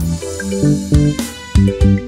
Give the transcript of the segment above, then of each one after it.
Thank you.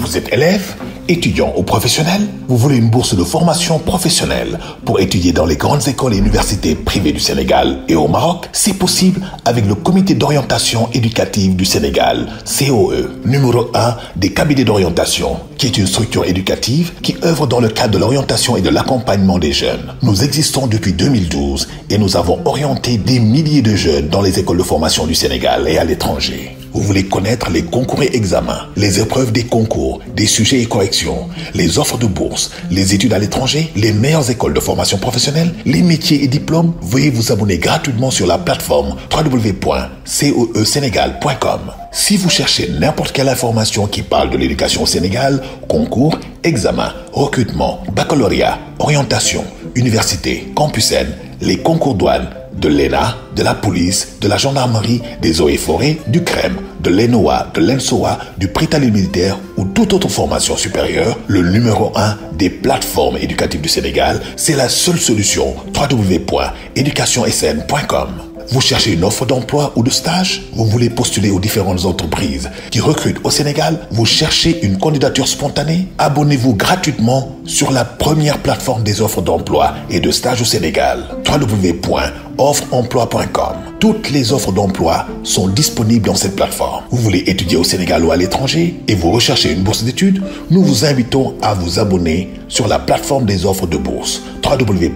Vous êtes élève, étudiant ou professionnel Vous voulez une bourse de formation professionnelle pour étudier dans les grandes écoles et universités privées du Sénégal et au Maroc C'est possible avec le Comité d'orientation éducative du Sénégal, COE, numéro 1 des cabinets d'orientation, qui est une structure éducative qui œuvre dans le cadre de l'orientation et de l'accompagnement des jeunes. Nous existons depuis 2012 et nous avons orienté des milliers de jeunes dans les écoles de formation du Sénégal et à l'étranger. Vous voulez connaître les concours et examens, les épreuves des concours, des sujets et corrections, les offres de bourse, les études à l'étranger, les meilleures écoles de formation professionnelle, les métiers et diplômes Veuillez vous abonner gratuitement sur la plateforme www.coesénégal.com Si vous cherchez n'importe quelle information qui parle de l'éducation au Sénégal, concours, examens, recrutement, baccalauréat, orientation, université, campus N, les concours douanes, de l'ENA, de la police, de la gendarmerie, des eaux et forêts, du Crème, de l'ENOA, de l'ENSOA, du prétalie militaire ou toute autre formation supérieure, le numéro 1 des plateformes éducatives du Sénégal, c'est la seule solution www.educationsn.com. Vous cherchez une offre d'emploi ou de stage Vous voulez postuler aux différentes entreprises qui recrutent au Sénégal Vous cherchez une candidature spontanée Abonnez-vous gratuitement sur la première plateforme des offres d'emploi et de stage au Sénégal, www.offreemploi.com. Toutes les offres d'emploi sont disponibles dans cette plateforme. Vous voulez étudier au Sénégal ou à l'étranger et vous recherchez une bourse d'études Nous vous invitons à vous abonner sur la plateforme des offres de bourse, www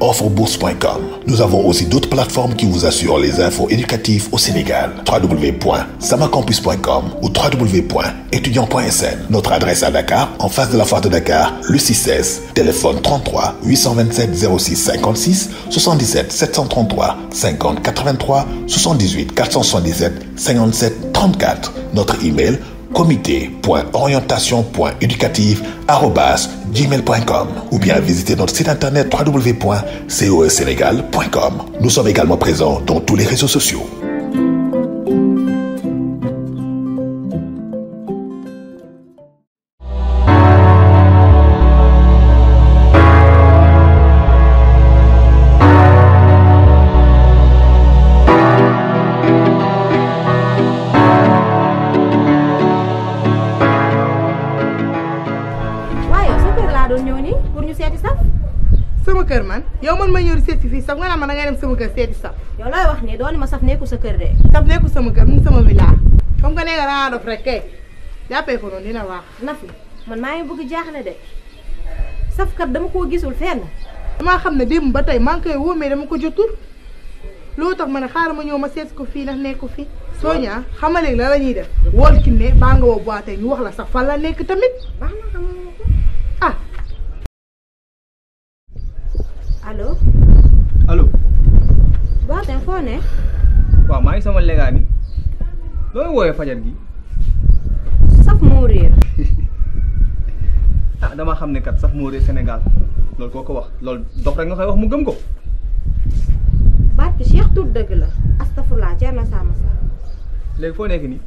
offre-bourse.com Nous avons aussi d'autres plateformes qui vous assurent les infos éducatives au Sénégal. www.samacampus.com ou www.étudiant.sn. Notre adresse à Dakar, en face de la foire de Dakar, le 616 téléphone 33 827 06 56 77 733 50 83 78 477 57 34. Notre email gmail.com ou bien visiter notre site internet www.cosénégal.com. Nous sommes également présents dans tous les réseaux sociaux. taxoon ma ñëw di seeti fii saf nga naan ma dangay dem sama kër seeti saf. yow looy wax nii doon ma saf nekkul sa kër de. saf nekkul sama kër mu sama village comme que nee nga dangaa dof rek kay jàppee ko noonu dina waax. Nafi man maa ngi bëgg jaaxle de saf kat dama koo gisul fenn. damaa xam ne démb ba tey maa ngi koy woomee dama ko jotul loo tax ma ne xaaral ma ñëw ma seet ko fii ndax nekku fii soo ñaa xamal léegi la la ñuy def. wóol kinne baa nga woo wax la sax fan la nekk tamit. ngi sama legaan yi looy woowee fajar gi. saf moo réer. ah damaa xam ne kat saf moo réer Sénégal loolu koo ko wax loolu dox rek nga koy wax mu gëm ko. baat bi Cheikh Tour dëgg la astafurlaa Thierno Sama Sarr. léegi foo nekk nii.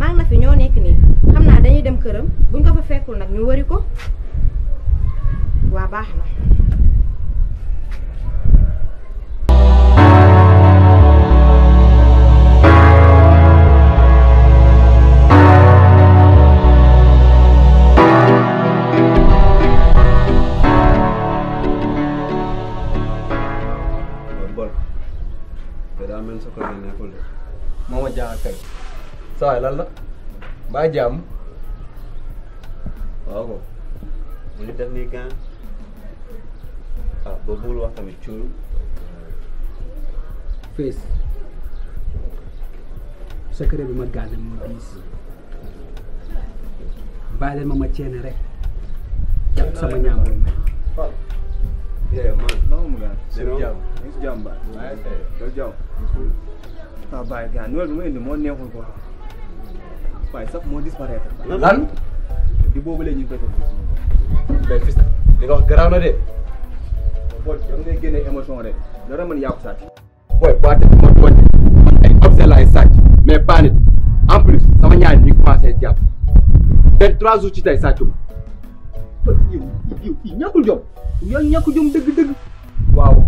maa na fi ñoo nekk nii xam naa dañuy dem këram buñ ko fekkul nag ñu wari ko waa baax na. sawaay lan la mbaa jàmm waaw ko mu ngi def nii gan ah ba buul bi ma gàll moo ma ma ceene rek jàpp ma Yeah, man. No, man. Sit down. Sit down, man. Sit down. Sit down. Sit down. Sit down. Sit down. Sit down. Sit waaye sax moo disparaître. lan di boobu léegi ñu koy def. mais fii li nga wax garaaw na de. booy da ngay génne émotion rek dara mën yàqu sàcc. booy bu waatee ma tooñ man ay objet laay sàcc mais pas nit en plus sama ñaar ñi commencé jàpp benn trois jours ci tey sàccu ma. yow jom yow jom dëgg-dëgg waaw.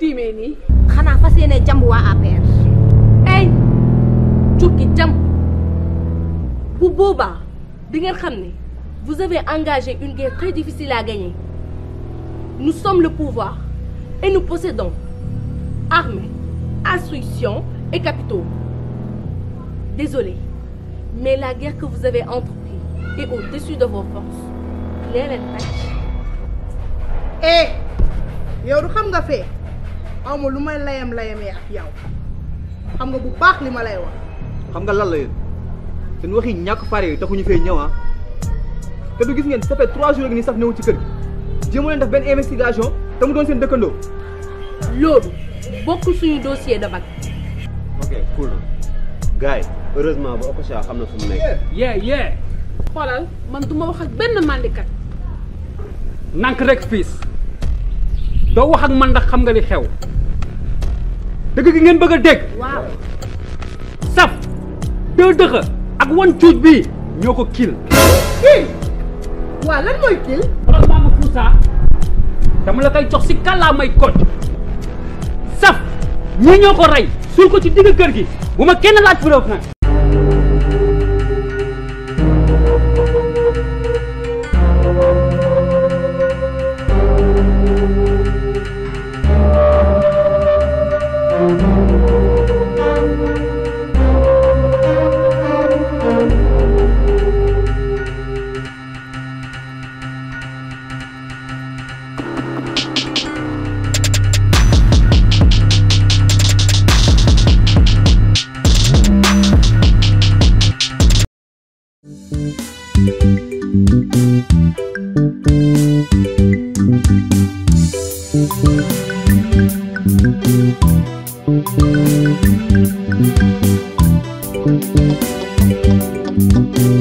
di vous avez engagé une guerre très difficile à gagner nous sommes le pouvoir et nous possédons armée instruction et capitaux désolé mais la guerre que vous avez entreprise est au-dessus de vos forces lee pas. Eh, yow xam nga ama lu may layam layamee ak yow xam nga bu baax li ma lay wax. xam nga lan la yéen seen waxi ñàkk fare yi ñu fee ñëw ah te du gis ngeen ça fait trois jours ni sax ñëw ci kër gi jéem leen def benn investigation te mu doon seen dëkkandoo. loolu bokk suñu dossier de bac. ok cool gars yi heureusement ba Okocha xam na fu mu nekk. yee yee. xoolal man du ma wax ak benn mandikat. nank rek fiis doo wax ak man ndax xam nga ni xew dëgg gi ngeen bëgg a dégg. waaw saf deux dëxa ak wan cuuj bii ñoo ko kiil. kiil waaw lan mooy kiil. loolu maamu Fousa dama la koy jox si kàllaamay kocc saf ñii ñoo ko rey suul ko ci digg kër gi bu ma kenn laaj preuve nag.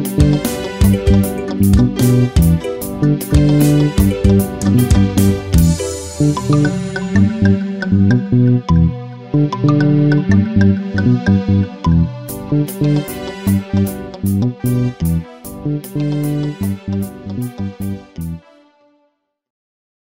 thank you